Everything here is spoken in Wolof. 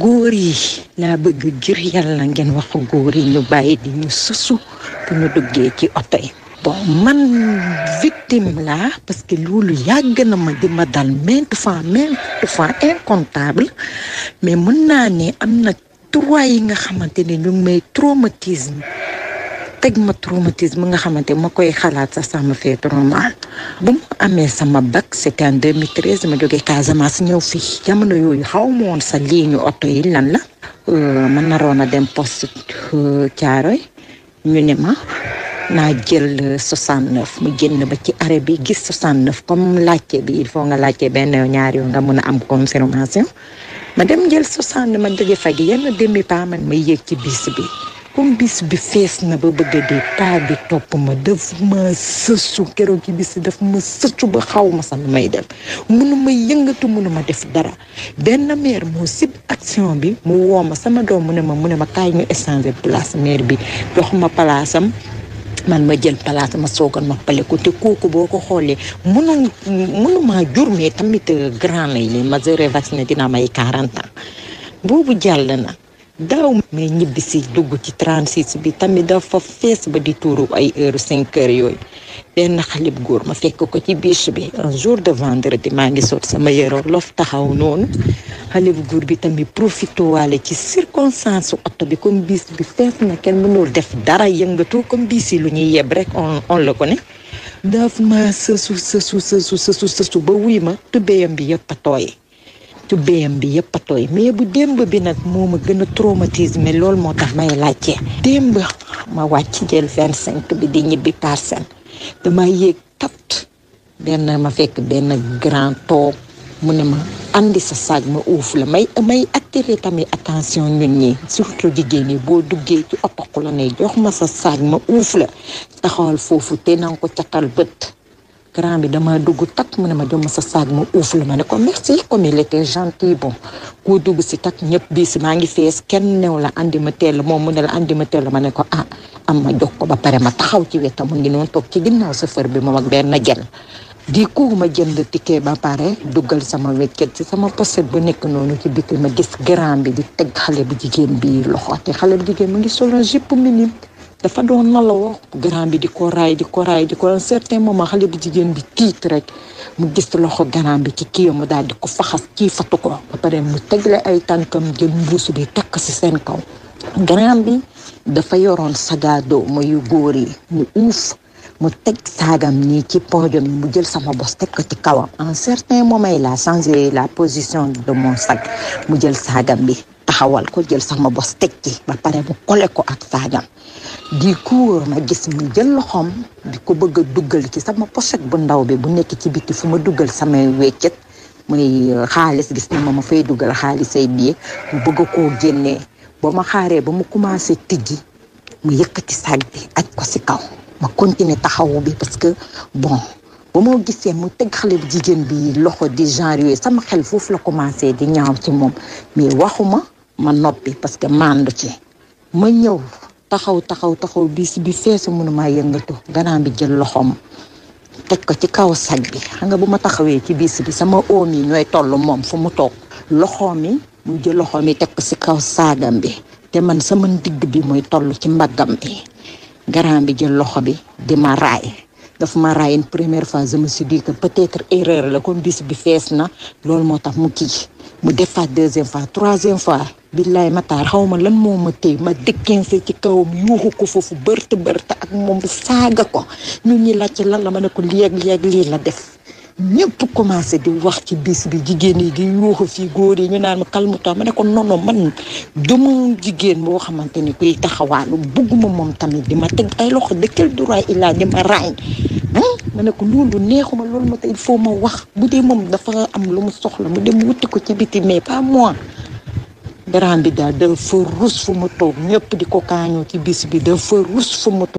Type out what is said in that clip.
góor yi laa bëgg ngir yàlla ngeen waxu góor yi ñu bàyyi di ñu susu bu ñu duggee ci oto yi bon man victime laa parce que loolu yàgg na ma di ma dal maintes fois maintes fois incontable mais mën naa ne am nag trois yi nga xamante ne ñu ngi may traumatisme teg ma traumatisme nga xamante ma koy xalaat sax sama fee normal bu ma amee sama bac c'était en 2013 ma jógee Casamance ñëw fii jamono yooyu xaw ma woon sa liiñu oto yi lan la euh, ma naroon a dem poste euh, Thiaroy ñu ne ma naa jël 69 euh, mu génn ba ci arrêt bi gis 69 comme laajte bi il faut nga laajte benn ñaar yoon nga mun a am confirmation ma dem jël 60 ma jóge fa gi yenn demi pas man ma yéeg ci bis bi comme bis bi fees na ba bëgg a paa bi topp ma daf ma sësu keroog ci bis daf ma sësu ba xaw ma sax may dem mënuma yëngatu mënuma def dara benn maire moo sib action bi mu woo ma sama doom mu ne ma mu ne ma kaay ñu échanger place maire bi jox palaasam man ma jël palaas ma soogal ma pale te kooku boo ko xoolee mënul mënumaa jur mais tamit euh, grand lay li ma zéré vacciné dina may 40 ans boobu jàll na daw mais ñibbisi dugg ci 36 bi tamit dafa fees ba di tuuru ay heure cinq heures yooyu benn xale bu góor ma fekk ko ci biir bi un jour de vendredi maa ngi sol sama yére lof taxaw noonu xale bu góor bi tamit profité waale ci circonstance su oto bi comme bis bi fees na kenn mënul def dara yëngatu comme bis yi lu ñuy yeb rek on on la ko ne daf ma sësu sësu sësu sësu ba wuy ma tubéyam bi yëpp a tooy xeetu béyam bi yëpp a tooy mais bu démb bi nag moo ma gën a traumatisme loolu moo tax may laajte démb ma wàcc jël vingt cinq bi di ñibbi parcelle dama yéeg tat benn ma fekk benn grand toog mu ne ma àndi sa saag ma uuf la may may attiré tamit attention ñun ñi surtout jigéen ñi boo duggee ci otoq la ne jox ma sa saag ma uuf la taxawal foofu te na nga ko catal bët grand bi dama dugg takk mu ne ma jom sa saag ma uuf la ma ne ko merci comme il était gentil bon ku dugg si takk ñëpp bii si maa ngi fees kenn new la andi ma teel moom mu ne la andi ma teel ma ne ko ah am ma jox ko ba pare ma taxaw ci wetam mu ngi noonu toog ci ginnaaw chauffeur bi moom ak benn gel di ko ma jënd ticket ba pare duggal sama wékket ci sama poset bu nekk noonu ci biti ma gis grand bi di teg xale bu jigéen bii loxo te xale bu jigéen mu ngi solo jupe minime dafa doon naloo grand bi di ko raay di ko raay di ko un certain moment xale bu jigéen bi tiit rek mu gis loxo grand bi ci kii mu daal di ko faxas kii fatu ko ba pare mu ay tànkam jël mbuusu bi takk si seen kaw grand bi dafa yoroon sagaado mooy góor yi mu uuf mu teg saagam nii ci podium mu jël sama bos teg ko ci kawam en certain moment la a changé la position de mon sac mu jël saagam bi taxawal ko jël sama bos teg ci ba pare bu kole ko ak saagam di kuur ma gis mu jël loxoom di ko bëgg a duggal ci sama pochette bu ndaw bi bu nekk ci biti fu ma duggal samay weccet muy euh, xaalis gis na ma ma fay dugal xaalisay bii mu bëgg koo génnee ba ma xaaree ba mu commencé tijji mu yëkkati saag bi aj ko si kaw ma continuer taxawu bi parce que bon ba moo gisee mu teg xale bu jigéen bi loxo di genre sama xel foofu la commencé di ñaaw ci moom mais waxuma ma noppi parce que mandu ci ma ñëw taxaw taxaw taxaw bis bi feesu mënumaa yëngatu ganaam bi jël loxoom teg ko ci kaw sag bi xam nga bu ma taxawee ci bis bi sama oom yi ñooy tollu moom fu mu toog loxoom yi mu jël loxoom yi teg ko ci kaw saagam bi te man sama ndigg bi mooy tollu ci mbaggam bi ganaam bi jël loxo bi di ma raay dafa ma raayin première fois je me suis dit erreur la comme bis bi fees na loolu moo tax mu kii mu defaat deuxième fois troisième fois billaay mataar xaw ma lan moo ma téye ma dëkkense ci kawam yuuxu ko foofu bërta bërta ak moom saaga ko ñun ñi laajte lan la ma a ko léeg-léeg lii la def ñëpp commencé di wax ci bis bi jigéen yi di yuuxu fii góor yi ñu naan ma calme ma ne ko nono non man dama jigéen moo xamante ni kuy taxawaalu bugguma moom tamit di ma teg ay loxo de quel droit il a di ma raañ ma ne ko loolu neexuma loolu ma tey il ma wax bu dee moom dafa am lu mu soxla mu dem wuti ko ci biti mais pas moi daraam bi daal dafa rus fu mu toog ñëpp di ko kaañoo ci bis bi dafa rus fu mu toog